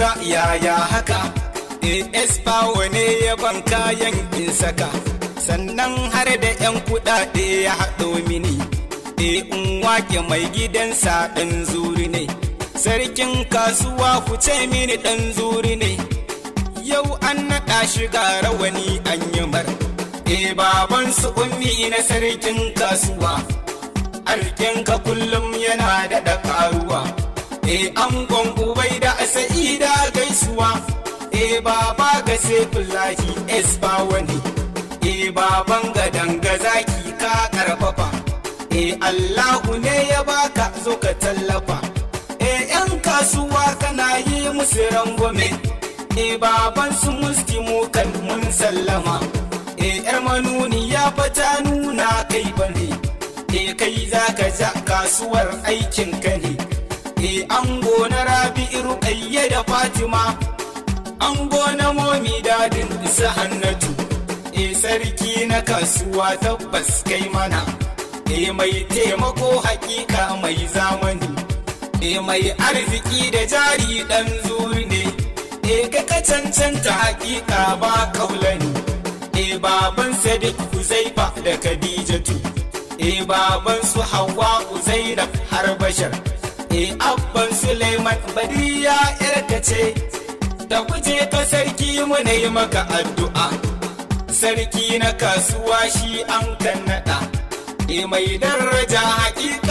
kura yaya haka Eh Espawa ne ya ban kayan in saka sannan har da 'yan kuɗaɗe ya haɗo mini e in wake mai gidansa ɗan zuri ne sarkin kasuwa ku ce mini ɗan zuri ne yau an naɗa shi rawani an yi mar e eh, baban su ummi na sarkin kasuwa ka kullum yana da e angon ubai da sa'ida gaisuwa e baba ga sefulahi es ba wani e baban ga danga zaki ka karfafa e allahu ne ya baka zo ka tallafa e yan kasuwa kana yi musu rangwame e baban su muskimu kan mun sallama e yar manuni ya fata nuna kai bane e kai za ka ja kasuwar aikin ka ne e ango na iru ayye da fatima ango na momi dadin isa annatu e sarki na kasuwa tabbas kai mana e mai taimako hakika mai zamani e mai arziki da jari dan zuri ne e ka ka cancanta hakika ba kaulani e baban sadiq huzaifa da khadijatu e baban su hawa uzairab har bashar e abban suleiman bariya yarka ce da kuje ta sarki mu ne maka addu'a sarki na kasuwa shi an kan naɗa e eh, mai daraja hakika.